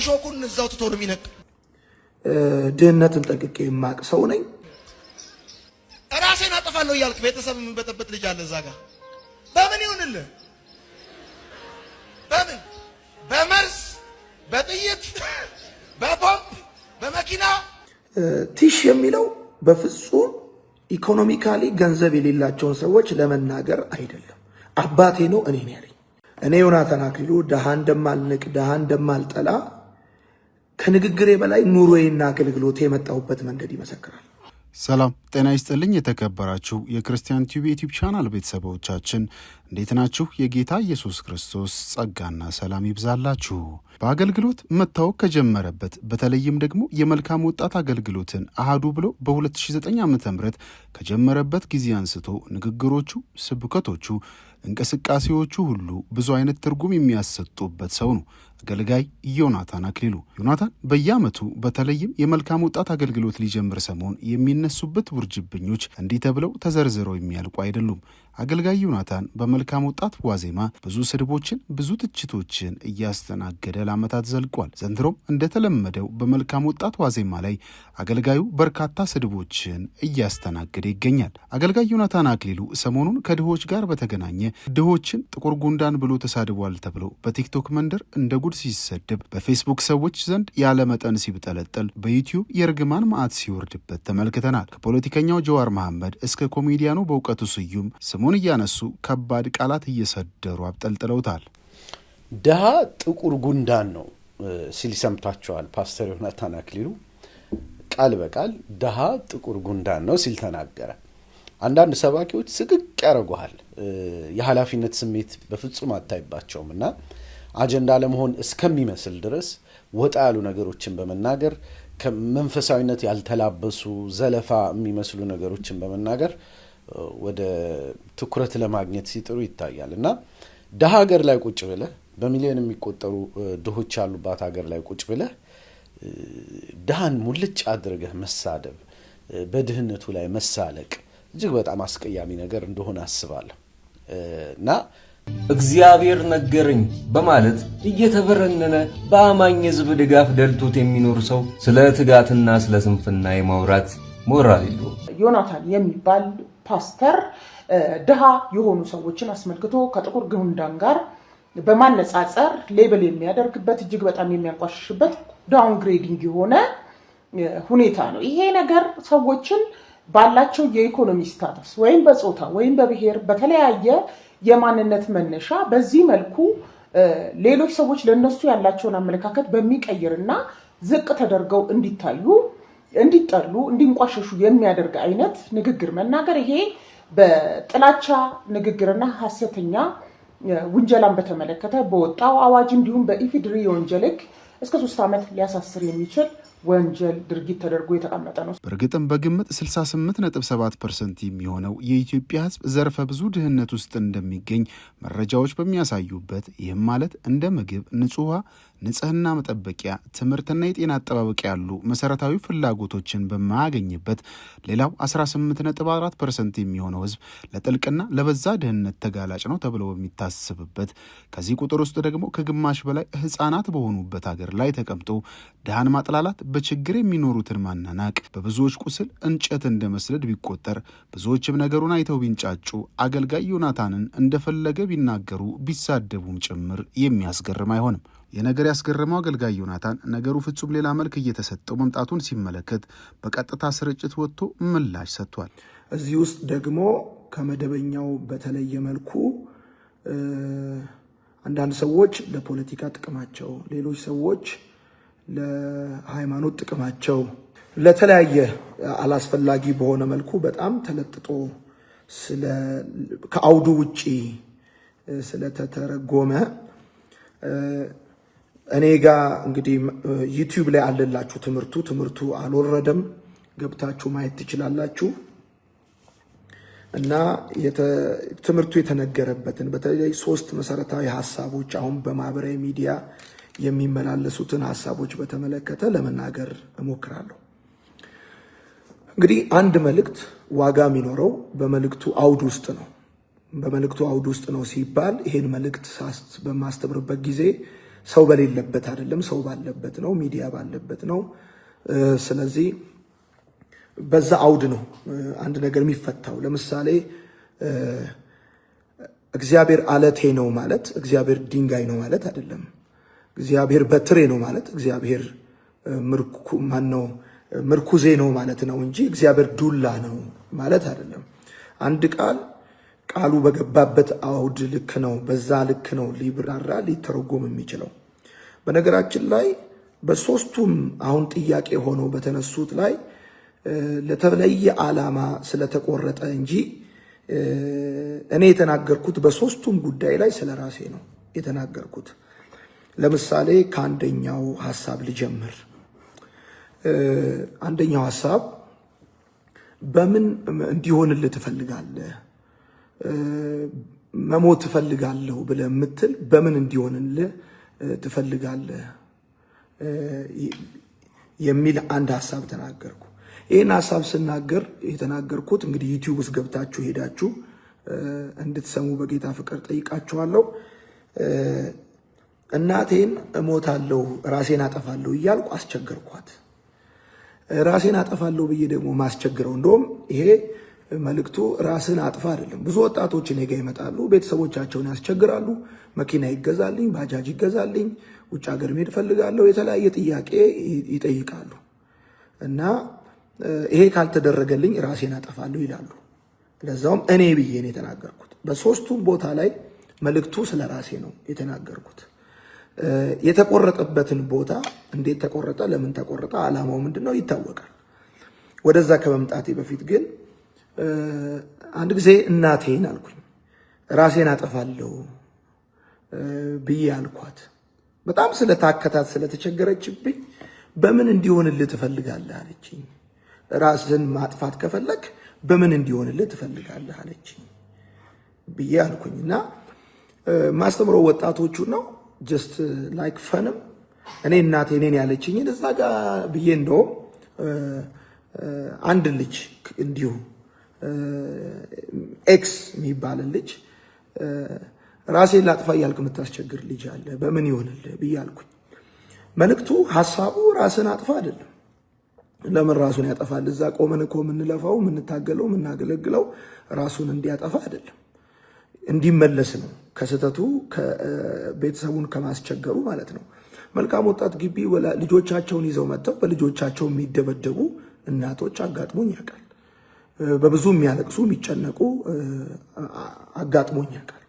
እሾኩን እዛው ትቶ ነው የሚነቅ። ድህነትን ጠቅቄ የማቅ ሰው ነኝ። ራሴን አጠፋለሁ እያልክ ቤተሰብ የምንበጠበት ልጅ አለ እዛ ጋር በምን ይሁንልህ? በምን በመርዝ በጥይት በቦምብ በመኪና ቲሽ የሚለው በፍጹም ኢኮኖሚካሊ ገንዘብ የሌላቸውን ሰዎች ለመናገር አይደለም። አባቴ ነው እኔ ነው ያለኝ። እኔ ዮናታን አክሊሉ ድሃ እንደማልንቅ ድሃ እንደማልጠላ ከንግግሬ በላይ ኑሮዬና አገልግሎት የመጣሁበት መንገድ ይመሰክራል። ሰላም ጤና ይስጥልኝ። የተከበራችሁ የክርስቲያን ቲዩብ ዩቲዩብ ቻናል ቤተሰቦቻችን እንዴት ናችሁ? የጌታ ኢየሱስ ክርስቶስ ጸጋና ሰላም ይብዛላችሁ። በአገልግሎት መታወቅ ከጀመረበት በተለይም ደግሞ የመልካም ወጣት አገልግሎትን አህዱ ብሎ በ2009 ዓ ም ከጀመረበት ጊዜ አንስቶ ንግግሮቹ፣ ስብከቶቹ፣ እንቅስቃሴዎቹ ሁሉ ብዙ አይነት ትርጉም የሚያሰጡበት ሰው ነው። አገልጋይ ዮናታን አክሊሉ። ዮናታን በየዓመቱ በተለይም የመልካም ወጣት አገልግሎት ሊጀምር ሰሞን የሚነሱበት ውርጅብኞች እንዲህ ተብለው ተዘርዝረው የሚያልቁ አይደሉም። አገልጋይ ዮናታን በመልካም ወጣት ዋዜማ ብዙ ስድቦችን፣ ብዙ ትችቶችን እያስተናገደ ለዓመታት ዘልቋል። ዘንድሮም እንደተለመደው በመልካም ወጣት ዋዜማ ላይ አገልጋዩ በርካታ ስድቦችን እያስተናገደ ይገኛል። አገልጋይ ዮናታን አክሊሉ ሰሞኑን ከድሆች ጋር በተገናኘ ድሆችን ጥቁር ጉንዳን ብሎ ተሳድቧል ተብሎ በቲክቶክ መንደር እንደ ጉድ ሲሰደብ በፌስቡክ ሰዎች ዘንድ ያለ መጠን ሲብጠለጠል፣ በዩቲዩብ የእርግማን ማዕት ሲወርድበት ተመልክተናል። ከፖለቲከኛው ጀዋር መሐመድ እስከ ኮሜዲያኑ በእውቀቱ ስዩም ስሙን እያነሱ ከባድ ቃላት እየሰደሩ አብጠልጥለውታል። ድሃ ጥቁር ጉንዳን ነው ሲል ሰምታችኋል። ፓስተር ዮናታን አክሊሉ ቃል በቃል ድሃ ጥቁር ጉንዳን ነው ሲል ተናገረ። አንዳንድ ሰባኪዎች ስግቅ ያደርጉሃል። የኃላፊነት ስሜት በፍጹም አታይባቸውም እና አጀንዳ ለመሆን እስከሚመስል ድረስ ወጣ ያሉ ነገሮችን በመናገር ከመንፈሳዊነት ያልተላበሱ ዘለፋ የሚመስሉ ነገሮችን በመናገር ወደ ትኩረት ለማግኘት ሲጥሩ ይታያል እና ደሀ ሀገር ላይ ቁጭ ብለህ በሚሊዮን የሚቆጠሩ ድሆች ያሉባት ሀገር ላይ ቁጭ ብለህ ድሃን ሙልጭ አድርገህ መሳደብ፣ በድህነቱ ላይ መሳለቅ እጅግ በጣም አስቀያሚ ነገር እንደሆነ አስባለሁ እና እግዚአብሔር ነገረኝ በማለት እየተበረነነ በአማኝ ሕዝብ ድጋፍ ደልቶት የሚኖር ሰው ስለ ትጋትና ስለ ስንፍና የማውራት ሞራል ይሉ ዮናታን የሚባል ፓስተር ድሃ የሆኑ ሰዎችን አስመልክቶ ከጥቁር ግንዳን ጋር በማነጻጸር ሌበል የሚያደርግበት እጅግ በጣም የሚያንቋሽሽበት ዳውንግሬዲንግ የሆነ ሁኔታ ነው። ይሄ ነገር ሰዎችን ባላቸው የኢኮኖሚ ስታተስ ወይም በጾታ ወይም በብሔር በተለያየ የማንነት መነሻ በዚህ መልኩ ሌሎች ሰዎች ለእነሱ ያላቸውን አመለካከት በሚቀይርና ዝቅ ተደርገው እንዲታዩ፣ እንዲጠሉ፣ እንዲንቋሸሹ የሚያደርግ አይነት ንግግር መናገር ይሄ በጥላቻ ንግግርና ሀሰተኛ ውንጀላን በተመለከተ በወጣው አዋጅ እንዲሁም በኢፌዴሪ የወንጀል ሕግ እስከ ሶስት ዓመት ሊያሳስር የሚችል ወንጀል ድርጊት ተደርጎ የተቀመጠ ነው። በእርግጥም በግምት 68.7 ፐርሰንት የሚሆነው የኢትዮጵያ ሕዝብ ዘርፈ ብዙ ድህነት ውስጥ እንደሚገኝ መረጃዎች በሚያሳዩበት ይህም ማለት እንደ ምግብ፣ ንጹህ ውሃ ንጽህና መጠበቂያ፣ ትምህርትና የጤና አጠባበቅ ያሉ መሰረታዊ ፍላጎቶችን በማያገኝበት ሌላው 18.4 ፐርሰንት የሚሆነው ህዝብ ለጥልቅና ለበዛ ድህነት ተጋላጭ ነው ተብሎ በሚታስብበት ከዚህ ቁጥር ውስጥ ደግሞ ከግማሽ በላይ ህጻናት በሆኑበት ሀገር ላይ ተቀምጦ ድሃን ማጥላላት፣ በችግር የሚኖሩትን ማናናቅ በብዙዎች ቁስል እንጨት እንደ መስደድ ቢቆጠር ብዙዎችም ነገሩን አይተው ቢንጫጩ አገልጋይ ዮናታንን እንደፈለገ ቢናገሩ ቢሳደቡም ጭምር የሚያስገርም አይሆንም። የነገር ያስገረመው አገልጋይ ዮናታን ነገሩ ፍጹም ሌላ መልክ እየተሰጠው መምጣቱን ሲመለከት በቀጥታ ስርጭት ወጥቶ ምላሽ ሰጥቷል። እዚህ ውስጥ ደግሞ ከመደበኛው በተለየ መልኩ አንዳንድ ሰዎች ለፖለቲካ ጥቅማቸው፣ ሌሎች ሰዎች ለሃይማኖት ጥቅማቸው ለተለያየ አላስፈላጊ በሆነ መልኩ በጣም ተለጥጦ ከአውዱ ውጪ ስለተተረጎመ እኔ ጋ እንግዲህ ዩቲዩብ ላይ አለላችሁ ትምህርቱ ትምህርቱ አልወረደም፣ ገብታችሁ ማየት ትችላላችሁ። እና ትምህርቱ የተነገረበትን በተለይ ሶስት መሰረታዊ ሀሳቦች አሁን በማህበራዊ ሚዲያ የሚመላለሱትን ሀሳቦች በተመለከተ ለመናገር እሞክራለሁ። እንግዲህ አንድ መልእክት ዋጋ የሚኖረው በመልእክቱ አውድ ውስጥ ነው። በመልእክቱ አውድ ውስጥ ነው ሲባል ይሄን መልእክት በማስተምርበት ጊዜ ሰው በሌለበት አይደለም፣ ሰው ባለበት ነው፣ ሚዲያ ባለበት ነው። ስለዚህ በዛ አውድ ነው አንድ ነገር የሚፈታው። ለምሳሌ እግዚአብሔር አለቴ ነው ማለት እግዚአብሔር ድንጋይ ነው ማለት አይደለም። እግዚአብሔር በትሬ ነው ማለት እግዚአብሔር ማነው ምርኩዜ ነው ማለት ነው እንጂ እግዚአብሔር ዱላ ነው ማለት አይደለም። አንድ ቃል ቃሉ በገባበት አውድ ልክ ነው፣ በዛ ልክ ነው ሊብራራ ሊተረጎም የሚችለው። በነገራችን ላይ በሶስቱም አሁን ጥያቄ ሆነው በተነሱት ላይ ለተለየ ዓላማ ስለተቆረጠ እንጂ እኔ የተናገርኩት በሶስቱም ጉዳይ ላይ ስለ ራሴ ነው የተናገርኩት። ለምሳሌ ከአንደኛው ሀሳብ ልጀምር። አንደኛው ሀሳብ በምን እንዲሆንልህ ትፈልጋለህ? መሞት ትፈልጋለሁ ብለ የምትል በምን እንዲሆንልህ ትፈልጋለህ የሚል አንድ ሀሳብ ተናገርኩ። ይህን ሀሳብ ስናገር የተናገርኩት እንግዲህ ዩቲዩብ ውስጥ ገብታችሁ ሄዳችሁ እንድትሰሙ በጌታ ፍቅር ጠይቃችኋለሁ። እናቴን እሞታለሁ ራሴን አጠፋለሁ እያልኩ አስቸገርኳት። ራሴን አጠፋለሁ ብዬ ደግሞ ማስቸግረው እንደውም ይሄ መልእክቱ ራስን አጥፋ አይደለም። ብዙ ወጣቶች እኔ ጋ ይመጣሉ፣ ቤተሰቦቻቸውን ያስቸግራሉ። መኪና ይገዛልኝ፣ ባጃጅ ይገዛልኝ፣ ውጭ ሀገር መሄድ እፈልጋለሁ፣ የተለያየ ጥያቄ ይጠይቃሉ እና ይሄ ካልተደረገልኝ ራሴን አጠፋለሁ ይላሉ። ለዛውም እኔ ብዬ ነው የተናገርኩት። በሶስቱም ቦታ ላይ መልእክቱ ስለ ራሴ ነው የተናገርኩት። የተቆረጠበትን ቦታ እንዴት ተቆረጠ፣ ለምን ተቆረጠ፣ አላማው ምንድን ነው ይታወቃል። ወደዛ ከመምጣቴ በፊት ግን አንድ ጊዜ እናቴን አልኩኝ ራሴን አጠፋለሁ ብዬ አልኳት። በጣም ስለታከታት ስለተቸገረችብኝ በምን እንዲሆንልህ ትፈልጋለህ አለችኝ። ራስን ማጥፋት ከፈለግ በምን እንዲሆንልህ ትፈልጋለህ አለችኝ ብዬ አልኩኝ እና ማስተምረው ወጣቶቹ ነው ጀስት ላይክ ፈንም እኔ እናቴ እኔን ያለችኝን እዛ ጋር ብዬ እንደውም አንድ ልጅ እንዲሁም ኤክስ የሚባልን ልጅ ራሴን ላጥፋ እያልክ የምታስቸግር ልጅ አለ፣ በምን ይሆንልህ ብያልኩኝ። መልእክቱ ሀሳቡ ራስን አጥፋ አይደለም። ለምን ራሱን ያጠፋል? እዛ ቆመን እኮ የምንለፋው የምንታገለው የምናገለግለው ራሱን እንዲያጠፋ አይደለም፣ እንዲመለስ ነው። ከስህተቱ ቤተሰቡን ከማስቸገሩ ማለት ነው። መልካም ወጣት ግቢ ልጆቻቸውን ይዘው መጥተው በልጆቻቸው የሚደበደቡ እናቶች አጋጥሞኝ ያውቃል። በብዙ የሚያለቅሱ የሚጨነቁ አጋጥሞኝ ያውቃል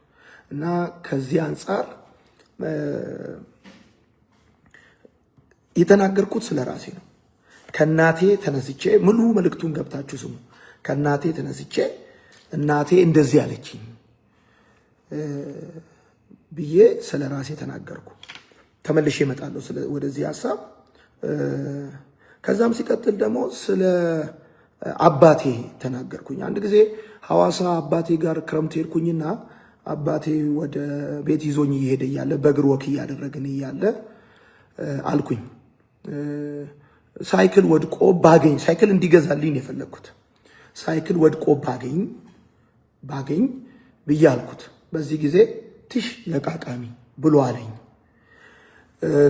እና ከዚህ አንጻር የተናገርኩት ስለ ራሴ ነው። ከእናቴ ተነስቼ ሙሉ መልእክቱን ገብታችሁ ስሙ። ከእናቴ ተነስቼ እናቴ እንደዚህ አለችኝ ብዬ ስለ ራሴ ተናገርኩ። ተመልሼ እመጣለሁ ወደዚህ ሀሳብ። ከዛም ሲቀጥል ደግሞ ስለ አባቴ ተናገርኩኝ። አንድ ጊዜ ሐዋሳ አባቴ ጋር ክረምት ሄድኩኝና አባቴ ወደ ቤት ይዞኝ እየሄደ እያለ በእግር ወክ እያደረግን እያለ አልኩኝ ሳይክል ወድቆ ባገኝ ሳይክል እንዲገዛልኝ የፈለግኩት ሳይክል ወድቆ ባገኝ ባገኝ ብዬ አልኩት። በዚህ ጊዜ ትሽ ለቃቃሚ ብሎ አለኝ።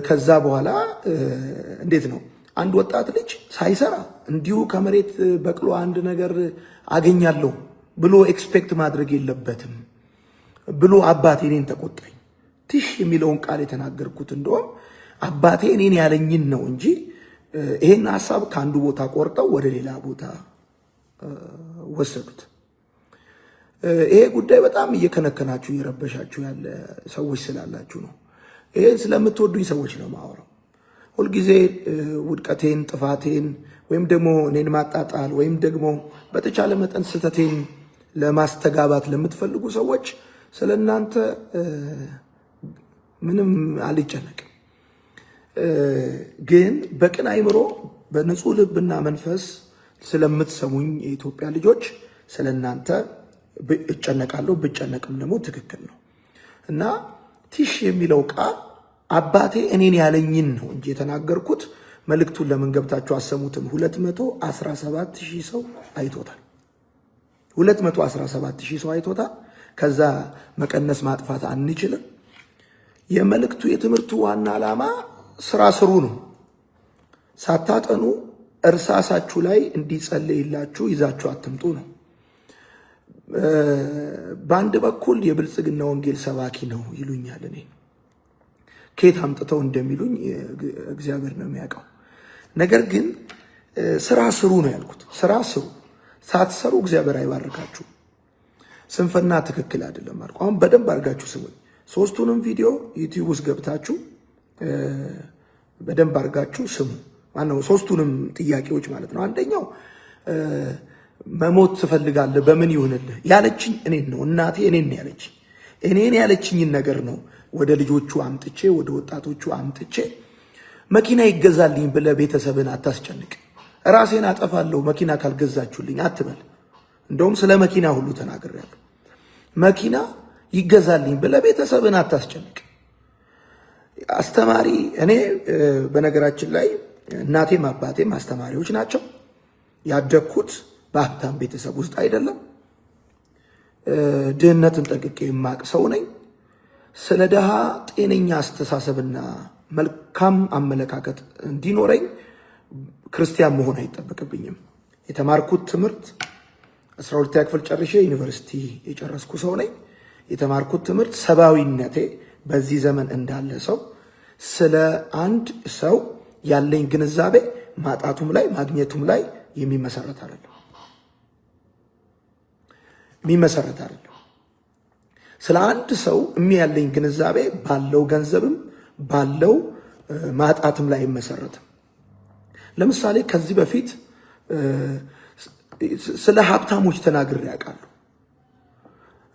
ከዛ በኋላ እንዴት ነው አንድ ወጣት ልጅ ሳይሰራ እንዲሁ ከመሬት በቅሎ አንድ ነገር አገኛለሁ ብሎ ኤክስፔክት ማድረግ የለበትም ብሎ አባቴ እኔን ተቆጣኝ። ትሽ የሚለውን ቃል የተናገርኩት እንደውም አባቴ እኔን ያለኝን ነው እንጂ ይሄን ሀሳብ ከአንዱ ቦታ ቆርጠው ወደ ሌላ ቦታ ወሰዱት። ይሄ ጉዳይ በጣም እየከነከናችሁ እየረበሻችሁ ያለ ሰዎች ስላላችሁ ነው። ይሄን ስለምትወዱኝ ሰዎች ነው የማወራው። ሁልጊዜ ውድቀቴን፣ ጥፋቴን ወይም ደግሞ እኔን ማጣጣል ወይም ደግሞ በተቻለ መጠን ስህተቴን ለማስተጋባት ለምትፈልጉ ሰዎች ስለ እናንተ ምንም አልጨነቅም። ግን በቅን አይምሮ በንጹህ ልብና መንፈስ ስለምትሰሙኝ የኢትዮጵያ ልጆች ስለ እናንተ እጨነቃለሁ። ብጨነቅም ደግሞ ትክክል ነው እና ቲሽ የሚለው ቃል አባቴ እኔን ያለኝን ነው እንጂ የተናገርኩት መልእክቱን ለምን ገብታችሁ አሰሙትም? 217 ሺህ ሰው አይቶታል። 217 ሺህ ሰው አይቶታል። ከዛ መቀነስ ማጥፋት አንችልም። የመልእክቱ የትምህርቱ ዋና ዓላማ ስራ ስሩ ነው። ሳታጠኑ እርሳሳችሁ ላይ እንዲጸልይላችሁ ይዛችሁ አትምጡ ነው። በአንድ በኩል የብልጽግና ወንጌል ሰባኪ ነው ይሉኛል እኔ ከየት አምጥተው እንደሚሉኝ እግዚአብሔር ነው የሚያውቀው። ነገር ግን ስራ ስሩ ነው ያልኩት። ስራ ስሩ፣ ሳትሰሩ እግዚአብሔር አይባርካችሁ። ስንፍና ትክክል አይደለም አልኩ። አሁን በደንብ አድርጋችሁ ስሙኝ። ሶስቱንም ቪዲዮ ዩቲዩብ ውስጥ ገብታችሁ በደንብ አድርጋችሁ ስሙ። ማነው ሶስቱንም ጥያቄዎች ማለት ነው። አንደኛው መሞት ትፈልጋለህ በምን ይሁንልህ ያለችኝ እኔን ነው እናቴ እኔን ያለችኝ እኔን ያለችኝን ነገር ነው ወደ ልጆቹ አምጥቼ ወደ ወጣቶቹ አምጥቼ መኪና ይገዛልኝ ብለህ ቤተሰብን አታስጨንቅ። ራሴን አጠፋለሁ መኪና ካልገዛችሁልኝ አትበል። እንደውም ስለ መኪና ሁሉ ተናግሬያለሁ። መኪና ይገዛልኝ ብለህ ቤተሰብን አታስጨንቅ። አስተማሪ እኔ በነገራችን ላይ እናቴም አባቴም አስተማሪዎች ናቸው። ያደግኩት በሀብታም ቤተሰብ ውስጥ አይደለም። ድህነትን ጠቅቄ የማቅ ሰው ነኝ። ስለ ድሃ ጤነኛ አስተሳሰብና መልካም አመለካከት እንዲኖረኝ ክርስቲያን መሆን አይጠበቅብኝም። የተማርኩት ትምህርት አስራ ሁለተኛ ክፍል ጨርሼ ዩኒቨርሲቲ የጨረስኩ ሰው ነኝ። የተማርኩት ትምህርት ሰብአዊነቴ በዚህ ዘመን እንዳለ ሰው ስለ አንድ ሰው ያለኝ ግንዛቤ ማጣቱም ላይ ማግኘቱም ላይ የሚመሰረት አይደለም፣ የሚመሰረት አይደለም። ስለ አንድ ሰው ያለኝ ግንዛቤ ባለው ገንዘብም ባለው ማጣትም ላይ አይመሰረትም። ለምሳሌ ከዚህ በፊት ስለ ሀብታሞች ተናግሬ ያውቃሉ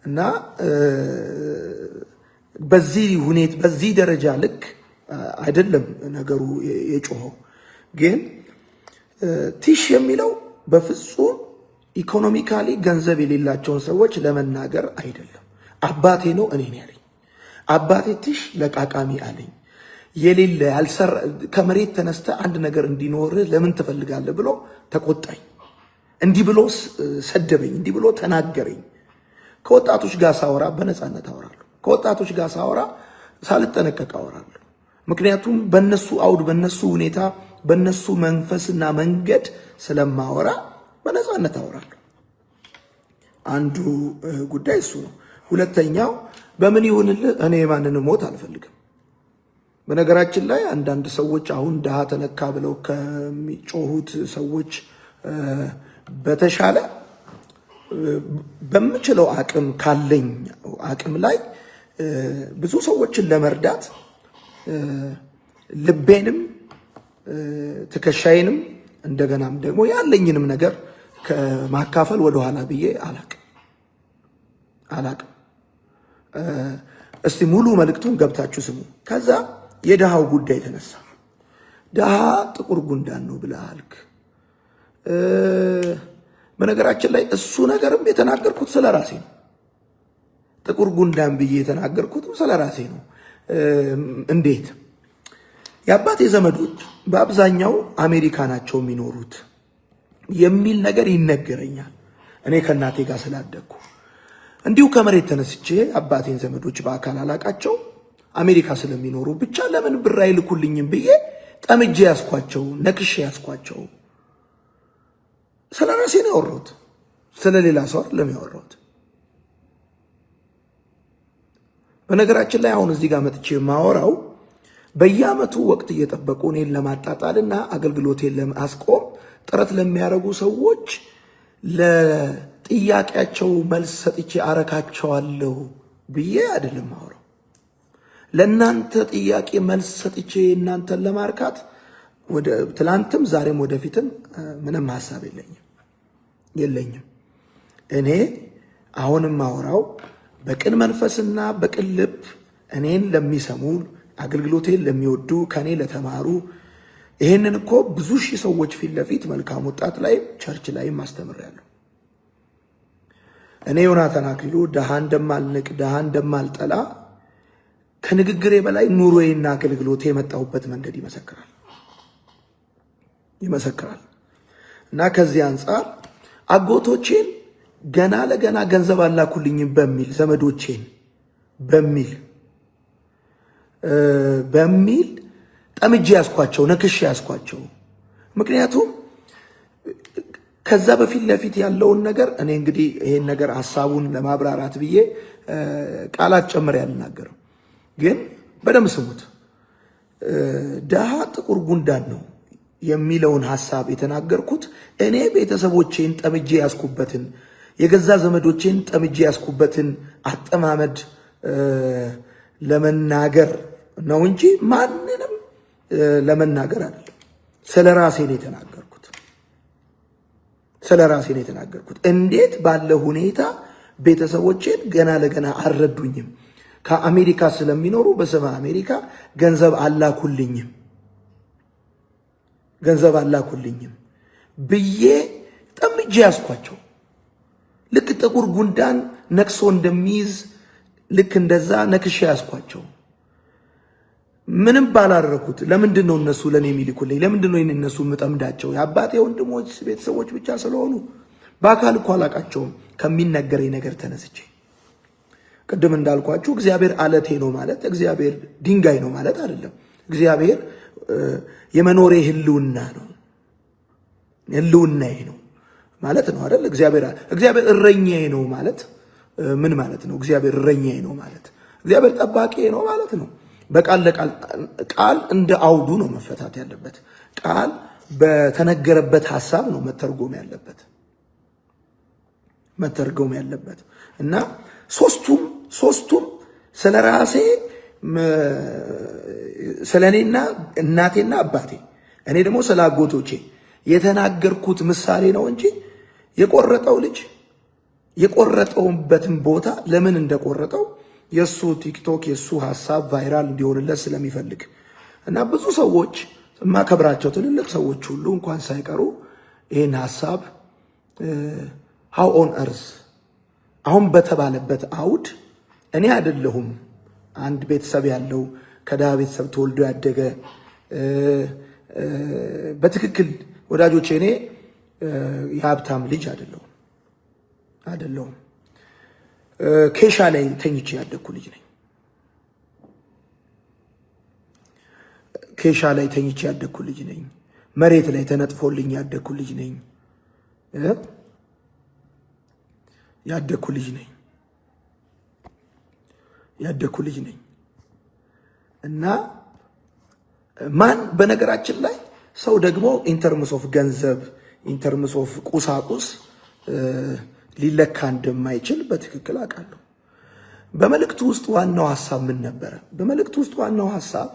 እና በዚህ ሁኔታ በዚህ ደረጃ ልክ አይደለም ነገሩ የጮኸው። ግን ቲሽ የሚለው በፍጹም ኢኮኖሚካሊ ገንዘብ የሌላቸውን ሰዎች ለመናገር አይደለም። አባቴ ነው እኔ ነው ያለኝ። አባቴ ትሽ ለቃቃሚ አለኝ። የሌለ ያልሰራ ከመሬት ተነስተ አንድ ነገር እንዲኖር ለምን ትፈልጋለህ ብሎ ተቆጣኝ። እንዲህ ብሎ ሰደበኝ፣ እንዲህ ብሎ ተናገረኝ። ከወጣቶች ጋር ሳወራ በነፃነት አወራለሁ። ከወጣቶች ጋር ሳወራ ሳልጠነቀቅ አወራለሁ። ምክንያቱም በነሱ አውድ፣ በነሱ ሁኔታ፣ በነሱ መንፈስና መንገድ ስለማወራ በነፃነት አወራለሁ። አንዱ ጉዳይ እሱ ነው። ሁለተኛው በምን ይሁንልህ እኔ የማንን ሞት አልፈልግም። በነገራችን ላይ አንዳንድ ሰዎች አሁን ድሃ ተነካ ብለው ከሚጮሁት ሰዎች በተሻለ በምችለው አቅም ካለኝ አቅም ላይ ብዙ ሰዎችን ለመርዳት ልቤንም ትከሻዬንም እንደገናም ደግሞ ያለኝንም ነገር ከማካፈል ወደኋላ ብዬ አላቅም አላቅም። እስቲ ሙሉ መልእክቱን ገብታችሁ ስሙ። ከዛ የድሃው ጉዳይ ተነሳ። ድሃ ጥቁር ጉንዳን ነው ብለህ አልክ። በነገራችን ላይ እሱ ነገርም የተናገርኩት ስለ ራሴ ነው። ጥቁር ጉንዳን ብዬ የተናገርኩትም ስለ ራሴ ነው። እንዴት የአባቴ ዘመዶች በአብዛኛው አሜሪካ ናቸው የሚኖሩት የሚል ነገር ይነገረኛል እኔ ከእናቴ ጋር ስላደግኩ እንዲሁ ከመሬት ተነስቼ አባቴን ዘመዶች በአካል አላቃቸው አሜሪካ ስለሚኖሩ ብቻ ለምን ብር አይልኩልኝም ብዬ ጠምጄ ያስኳቸው ነክሼ ያስኳቸው። ስለ ራሴ ነው ያወራሁት፣ ስለ ሌላ ሰው አይደለም ያወራሁት። በነገራችን ላይ አሁን እዚህ ጋር መጥቼ የማወራው በየአመቱ ወቅት እየጠበቁ እኔን ለማጣጣልና አገልግሎቴን ለማስቆም ጥረት ለሚያደርጉ ሰዎች ጥያቄያቸው መልስ ሰጥቼ አረካቸዋለሁ ብዬ አይደለም አውረው ለእናንተ ጥያቄ መልስ ሰጥቼ እናንተን ለማርካት ትላንትም ዛሬም ወደፊትም ምንም ሀሳብ የለኝም የለኝም። እኔ አሁንም አውራው በቅን መንፈስና በቅን ልብ እኔን ለሚሰሙ አገልግሎቴን ለሚወዱ ከእኔ ለተማሩ ይህንን እኮ ብዙ ሺህ ሰዎች ፊት ለፊት መልካም ወጣት ላይም ቸርች ላይም አስተምሬያለሁ። እኔ ዮናታን አክሊሉ ድሃ እንደማልንቅ ድሃ እንደማልጠላ ከንግግሬ በላይ ኑሮዬና አገልግሎቴ የመጣሁበት መንገድ ይመሰክራል ይመሰክራል። እና ከዚህ አንጻር አጎቶቼን ገና ለገና ገንዘብ አላኩልኝም በሚል ዘመዶቼን በሚል በሚል ጠምጄ ያስኳቸው ነክሼ ያስኳቸው ምክንያቱም ከዛ በፊት ለፊት ያለውን ነገር እኔ እንግዲህ ይሄን ነገር ሀሳቡን ለማብራራት ብዬ ቃላት ጨምሬ አልናገርም፣ ግን በደንብ ስሙት። ድሃ ጥቁር ጉንዳን ነው የሚለውን ሀሳብ የተናገርኩት እኔ ቤተሰቦቼን ጠምጄ ያስኩበትን የገዛ ዘመዶቼን ጠምጄ ያስኩበትን አጠማመድ ለመናገር ነው እንጂ ማንንም ለመናገር አይደለም። ስለ ራሴን የተናገር ስለ ራሴ ነው የተናገርኩት። እንዴት ባለ ሁኔታ ቤተሰቦቼን ገና ለገና አልረዱኝም። ከአሜሪካ ስለሚኖሩ በስመ አሜሪካ ገንዘብ አላኩልኝም ገንዘብ አላኩልኝም ብዬ ጠምጄ ያስኳቸው ልክ ጥቁር ጉንዳን ነቅሶ እንደሚይዝ ልክ እንደዛ ነክሼ ያስኳቸው ምንም ባላረኩት ለምንድን ነው እነሱ ለእኔ የሚልኩልኝ? ለምንድን ነው እነሱ የምጠምዳቸው? የአባቴ ወንድሞች ቤተሰቦች ብቻ ስለሆኑ በአካል እኮ አላቃቸውም። ከሚነገረኝ ነገር ተነስቼ ቅድም እንዳልኳችሁ እግዚአብሔር አለቴ ነው ማለት እግዚአብሔር ድንጋይ ነው ማለት አይደለም። እግዚአብሔር የመኖሬ ህልውና ነው፣ ህልውናዬ ነው ማለት ነው አይደል? እግዚአብሔር እግዚአብሔር እረኛዬ ነው ማለት ምን ማለት ነው? እግዚአብሔር እረኛዬ ነው ማለት እግዚአብሔር ጠባቂ ነው ማለት ነው። በቃል ለቃል ቃል እንደ አውዱ ነው መፈታት ያለበት። ቃል በተነገረበት ሀሳብ ነው መተርጎም ያለበት መተርጎም ያለበት እና ሶስቱም ሶስቱም ስለ ራሴ ስለ እኔና እናቴና አባቴ እኔ ደግሞ ስለ አጎቶቼ የተናገርኩት ምሳሌ ነው እንጂ የቆረጠው ልጅ የቆረጠውበትን ቦታ ለምን እንደቆረጠው የእሱ ቲክቶክ የእሱ ሀሳብ ቫይራል እንዲሆንለት ስለሚፈልግ እና ብዙ ሰዎች የማከብራቸው ትልልቅ ሰዎች ሁሉ እንኳን ሳይቀሩ ይህን ሀሳብ ሀው ኦን እርዝ አሁን በተባለበት አውድ እኔ አይደለሁም አንድ ቤተሰብ ያለው ከድሃ ቤተሰብ ተወልዶ ያደገ በትክክል ወዳጆቼ፣ እኔ የሀብታም ልጅ አይደለሁም አይደለሁም። ኬሻ ላይ ተኝቼ ያደግኩ ልጅ ነኝ። ኬሻ ላይ ተኝቼ ያደግኩ ልጅ ነኝ። መሬት ላይ ተነጥፎልኝ ያደግኩ ልጅ ነኝ። ያደግኩ ልጅ ነኝ። ያደግኩ ልጅ ነኝ እና ማን በነገራችን ላይ ሰው ደግሞ ኢንተርምስ ኦፍ ገንዘብ ኢንተርምስ ኦፍ ቁሳቁስ ሊለካ እንደማይችል በትክክል አውቃለሁ። በመልእክቱ ውስጥ ዋናው ሀሳብ ምን ነበረ? በመልእክቱ ውስጥ ዋናው ሀሳብ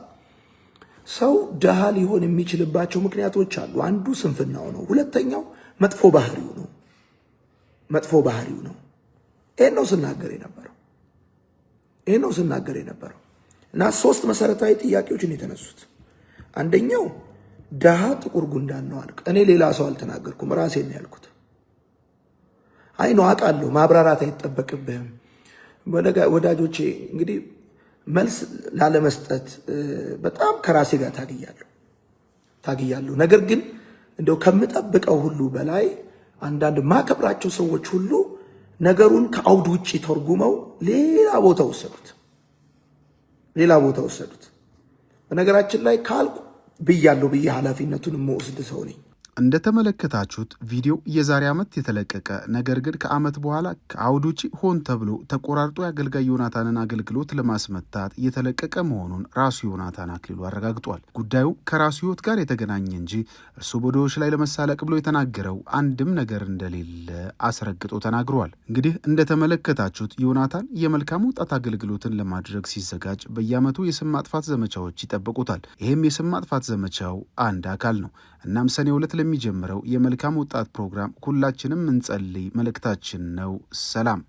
ሰው ድሃ ሊሆን የሚችልባቸው ምክንያቶች አሉ። አንዱ ስንፍናው ነው። ሁለተኛው መጥፎ ባህሪው ነው። መጥፎ ባህሪው ነው። ይህን ነው ስናገር የነበረው። ይህን ነው ስናገር የነበረው እና ሶስት መሰረታዊ ጥያቄዎችን የተነሱት አንደኛው ድሃ ጥቁር ጉንዳን ነው አልክ። እኔ ሌላ ሰው አልተናገርኩም፣ ራሴ ነው ያልኩት። አይ ነው አውቃለሁ። ማብራራት አይጠበቅብህም። ወዳጆቼ እንግዲህ መልስ ላለመስጠት በጣም ከራሴ ጋር ታግያለሁ ታግያለሁ። ነገር ግን እንደው ከምጠብቀው ሁሉ በላይ አንዳንድ ማከብራቸው ሰዎች ሁሉ ነገሩን ከአውድ ውጭ ተርጉመው ሌላ ቦታ ወሰዱት፣ ሌላ ቦታ ወሰዱት። በነገራችን ላይ ካልኩ ብያለሁ ብዬ ኃላፊነቱን የምወስድ ሰው ነኝ። እንደተመለከታችሁት ቪዲዮ የዛሬ ዓመት የተለቀቀ ነገር ግን ከዓመት በኋላ ከአውድ ውጪ ሆን ተብሎ ተቆራርጦ የአገልጋይ ዮናታንን አገልግሎት ለማስመታት የተለቀቀ መሆኑን ራሱ ዮናታን አክሊሉ አረጋግጧል። ጉዳዩ ከራሱ ሕይወት ጋር የተገናኘ እንጂ እርሱ በዶዎች ላይ ለመሳለቅ ብሎ የተናገረው አንድም ነገር እንደሌለ አስረግጦ ተናግሯል። እንግዲህ እንደተመለከታችሁት ዮናታን የመልካም ወጣት አገልግሎትን ለማድረግ ሲዘጋጅ በየዓመቱ የስም ማጥፋት ዘመቻዎች ይጠብቁታል። ይህም የስም ማጥፋት ዘመቻው አንድ አካል ነው። እናም ሰኔ ሁለት ለሚጀምረው የመልካም ወጣት ፕሮግራም ሁላችንም እንጸልይ መልእክታችን ነው። ሰላም